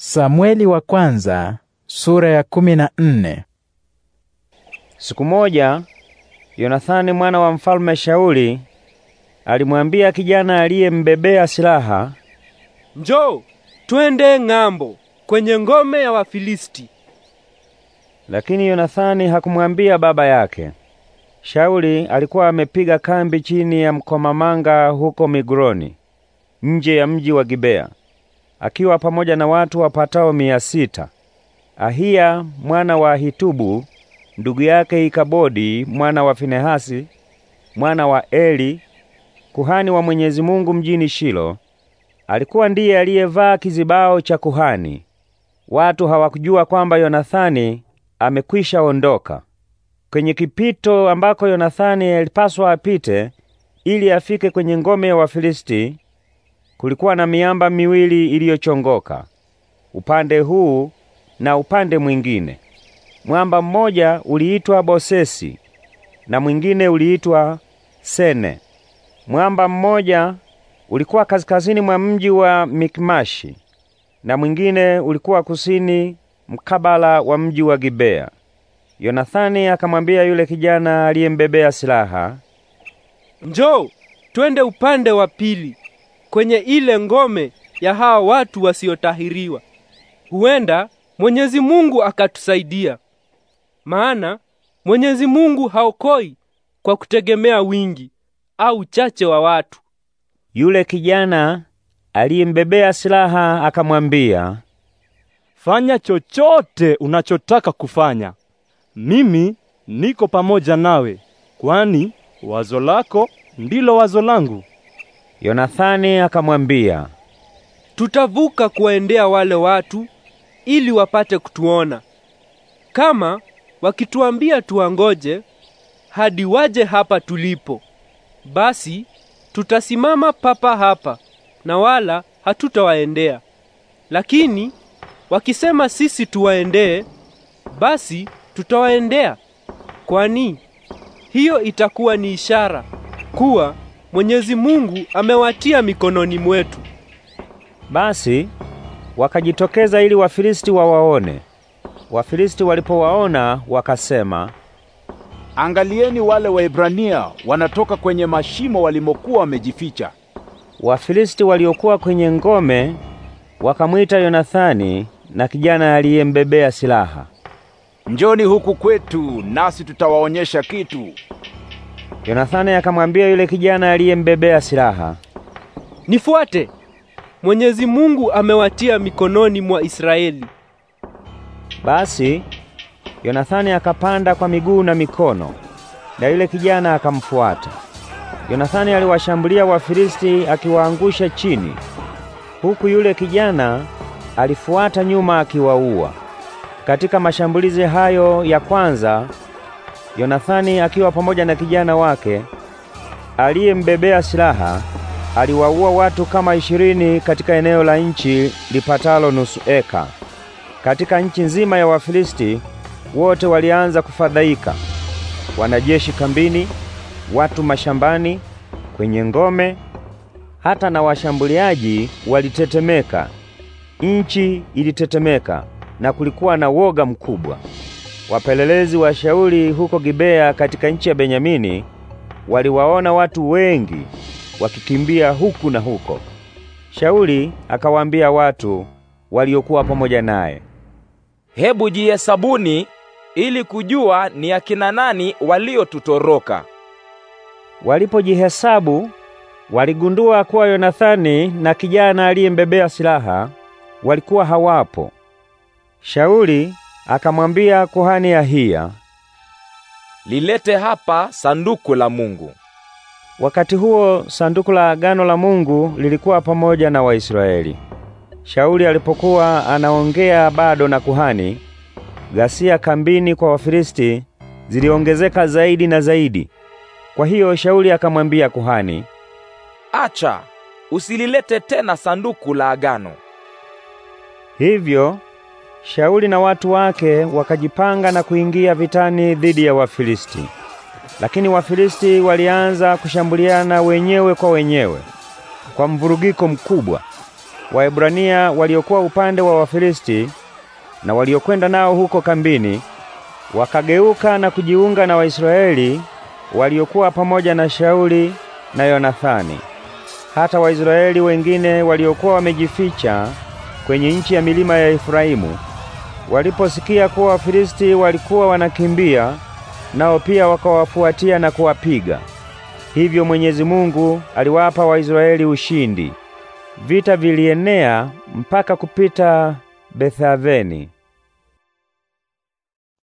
Samweli wa kwanza, sura ya kumi na nne. Siku moja Yonathani mwana wa mfalme Shauli alimwambia kijana aliyembebea silaha, "Njoo, twende ng'ambo kwenye ngome ya Wafilisti." Lakini Yonathani hakumwambia baba yake. Shauli alikuwa amepiga kambi chini ya mkomamanga huko Migroni, nje ya mji wa Gibea akiwa pamoja na watu wapatao mia sita. Ahia mwana wa Ahitubu, ndugu yake Ikabodi mwana wa Finehasi, mwana wa Eli, kuhani wa Mwenyezi Mungu mjini Shilo, alikuwa ndiye aliyevaa kizibao cha kuhani. Watu hawakujua kwamba Yonathani amekwisha ondoka. Kwenye kipito ambako Yonathani alipaswa apite ili afike kwenye ngome ya Wafilisti, kulikuwa na miamba miwili iliyochongoka upande huu na upande mwingine. Mwamba mmoja uliitwa Bosesi na mwingine uliitwa Sene. Mwamba mmoja ulikuwa kaskazini mwa mji wa Mikmashi na mwingine ulikuwa kusini mkabala wa mji wa Gibea. Yonathani akamwambia yule kijana aliyembebea silaha, "Njoo, twende upande wa pili." kwenye ile ngome ya hawa watu wasiotahiriwa. Huenda Mwenyezi Mungu akatusaidia, maana Mwenyezi Mungu haokoi kwa kutegemea wingi au chache wa watu. Yule kijana aliyembebea silaha akamwambia, fanya chochote unachotaka kufanya, mimi niko pamoja nawe, kwani wazo lako ndilo wazo langu. Yonathani akamwambia, tutavuka kuwaendea wale watu ili wapate kutuona. Kama wakituambia tuwangoje hadi waje hapa tulipo, basi tutasimama papa hapa na wala hatutawaendea. Lakini wakisema sisi tuwaendee, basi tutawaendea, kwani hiyo itakuwa ni ishara kuwa Mwenyezi Mungu amewatia mikononi mwetu. Basi wakajitokeza ili Wafilisti wawaone. Wafilisti walipowaona wakasema, Angalieni wale Waebrania wanatoka kwenye mashimo walimokuwa wamejificha. Wafilisti waliokuwa kwenye ngome wakamwita Yonathani na kijana aliyembebea silaha. Njoni huku kwetu nasi tutawaonyesha kitu. Yonathani akamwambia yule kijana aliyembebea silaha, nifuate, Mwenyezi Mungu amewatia mikononi mwa Israeli. Basi Yonathani akapanda kwa miguu na mikono na yule kijana akamfuata. Yonathani aliwashambulia Wafilisti akiwaangusha chini, huku yule kijana alifuata nyuma akiwaua. Katika mashambulizi hayo ya kwanza Yonathani akiwa pamoja na kijana wake aliyembebea silaha aliwaua watu kama ishirini katika eneo la nchi lipatalo nusu eka. Katika nchi nzima ya Wafilisti wote walianza kufadhaika, wanajeshi kambini, watu mashambani, kwenye ngome, hata na washambuliaji walitetemeka. Nchi ilitetemeka na kulikuwa na woga mkubwa. Wapelelezi wa shauli huko Gibea katika nchi ya Benyamini waliwaona watu wengi wakikimbia huku na huko. Shauli akawaambia watu waliokuwa pamoja naye, hebu jihesabuni ili kujua ni akina nani waliotutoroka. Walipojihesabu waligundua kuwa Yonathani na kijana aliyembebea silaha walikuwa hawapo. Shauli akamwambia kuhani Ahiya, lilete hapa sanduku la Mungu. Wakati huo sanduku la agano la Mungu lilikuwa pamoja na Waisraeli. Shauli alipokuwa anaongea bado na kuhani, ghasia kambini kwa Wafilisti ziliongezeka zaidi na zaidi. Kwa hiyo Shauli akamwambia kuhani, acha usililete tena sanduku la agano. Hivyo Shauli na watu wake wakajipanga na kuingia vitani dhidi ya Wafilisti. Lakini Wafilisti walianza kushambuliana wenyewe kwa wenyewe kwa mvurugiko mkubwa. Waebrania waliokuwa upande wa Wafilisti na waliokwenda nao huko kambini wakageuka na kujiunga na Waisraeli waliokuwa pamoja na Shauli na Yonathani. Hata Waisraeli wengine waliokuwa wamejificha kwenye nchi ya milima ya Efraimu Waliposikia kuwa Wafilisti walikuwa wanakimbia, nao pia wakawafuatia na kuwapiga. Hivyo Mwenyezi Mungu aliwapa Waisraeli ushindi. Vita vilienea mpaka kupita Bethaveni.